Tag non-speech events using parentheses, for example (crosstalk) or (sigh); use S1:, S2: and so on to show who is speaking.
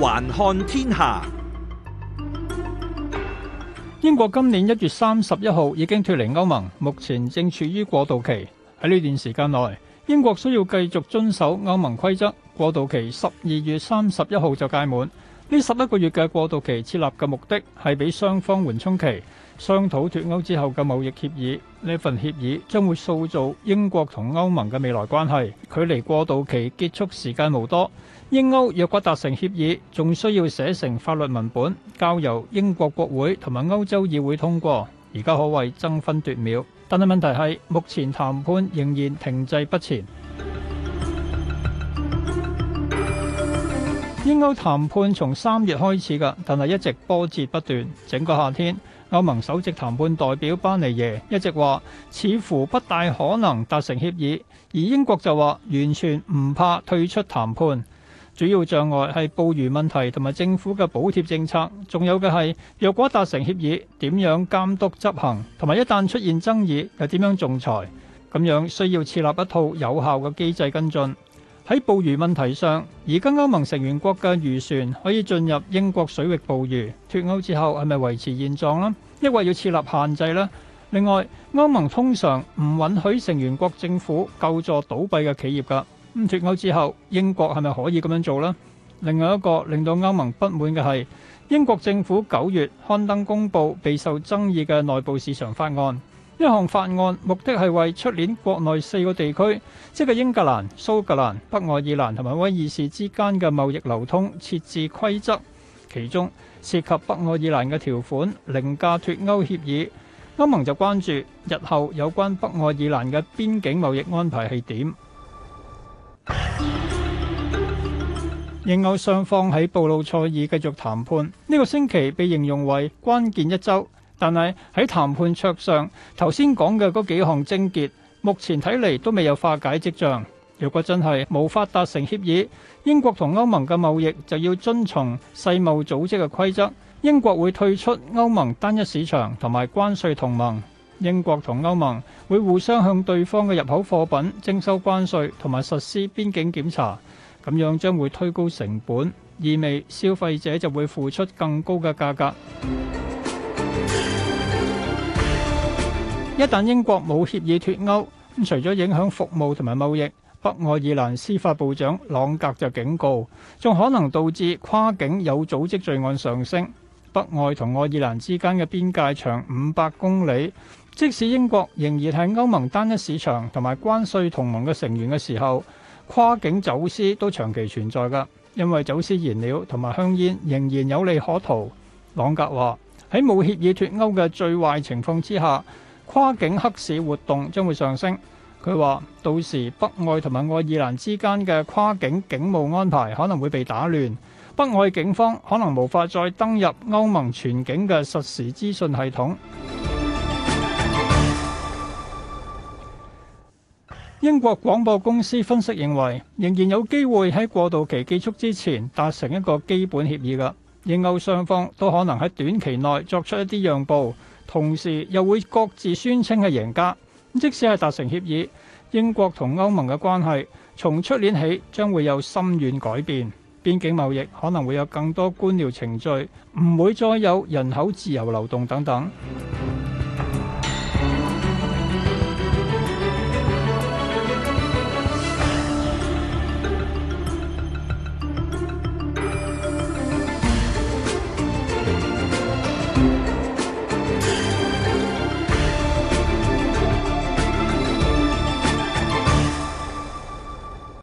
S1: 環看天下，英國今年一月三十一號已經脫離歐盟，目前正處於過渡期。喺呢段時間內，英國需要繼續遵守歐盟規則，過渡期十二月三十一號就屆滿。呢十一個月嘅過渡期設立嘅目的係俾雙方緩衝期，商討脫歐之後嘅貿易協議。呢份協議將會塑造英國同歐盟嘅未來關係。距離過渡期結束，時間無多，英歐若果達成協議，仲需要寫成法律文本，交由英國國會同埋歐洲議會通過。而家可謂爭分奪秒，但係問題係目前談判仍然停滯不前。英歐談判從三月開始噶，但係一直波折不斷。整個夏天，歐盟首席談判代表班尼耶一直話，似乎不大可能達成協議。而英國就話，完全唔怕退出談判。主要障礙係捕魚問題同埋政府嘅補貼政策，仲有嘅係若果達成協議，點樣監督執行，同埋一旦出現爭議又點樣仲裁？咁樣需要設立一套有效嘅機制跟進。喺捕魚問題上，而家歐盟成員國嘅漁船可以進入英國水域捕魚，脫歐之後係咪維持現狀啦？抑或要設立限制咧？另外，歐盟通常唔允許成員國政府救助倒閉嘅企業㗎。咁脫歐之後，英國係咪可以咁樣做咧？另外一個令到歐盟不滿嘅係，英國政府九月刊登公佈備受爭議嘅內部市場法案。一項法案目的係為出年國內四個地區，即係英格蘭、蘇格蘭、北愛爾蘭同埋威爾士之間嘅貿易流通設置規則，其中涉及北愛爾蘭嘅條款凌駕脫歐協議，歐盟就關注日後有關北愛爾蘭嘅邊境貿易安排係點。英歐雙方喺布魯塞爾繼續談判，呢、這個星期被形容為關鍵一周。但係喺談判桌上，頭先講嘅嗰幾項症結，目前睇嚟都未有化解跡象。如果真係無法達成協議，英國同歐盟嘅貿易就要遵從世貿組織嘅規則，英國會退出歐盟單一市場同埋關稅同盟。英國同歐盟會互相向對方嘅入口貨品徵收關稅同埋實施邊境檢查，咁樣將會推高成本，意味消費者就會付出更高嘅價格。一旦英國冇協議脫歐，除咗影響服務同埋貿易，北愛爾蘭司法部長朗格就警告，仲可能導致跨境有組織罪案上升。北愛同愛爾蘭之間嘅邊界長五百公里，即使英國仍然係歐盟單一市場同埋關稅同盟嘅成員嘅時候，跨境走私都長期存在㗎，因為走私燃料同埋香煙仍然有利可圖。朗格話喺冇協議脫歐嘅最壞情況之下，跨境黑市活動將會上升，佢話到時北愛同埋愛爾蘭之間嘅跨境警務安排可能會被打亂，北愛警方可能無法再登入歐盟全境嘅實時資訊系統。 (music) 英國廣播公司分析認為，仍然有機會喺過渡期結束之前達成一個基本協議嘅，英歐雙方都可能喺短期內作出一啲讓步。同時又會各自宣稱係贏家。即使係達成協議，英國同歐盟嘅關係從出年起將會有深遠改變，邊境貿易可能會有更多官僚程序，唔會再有人口自由流動等等。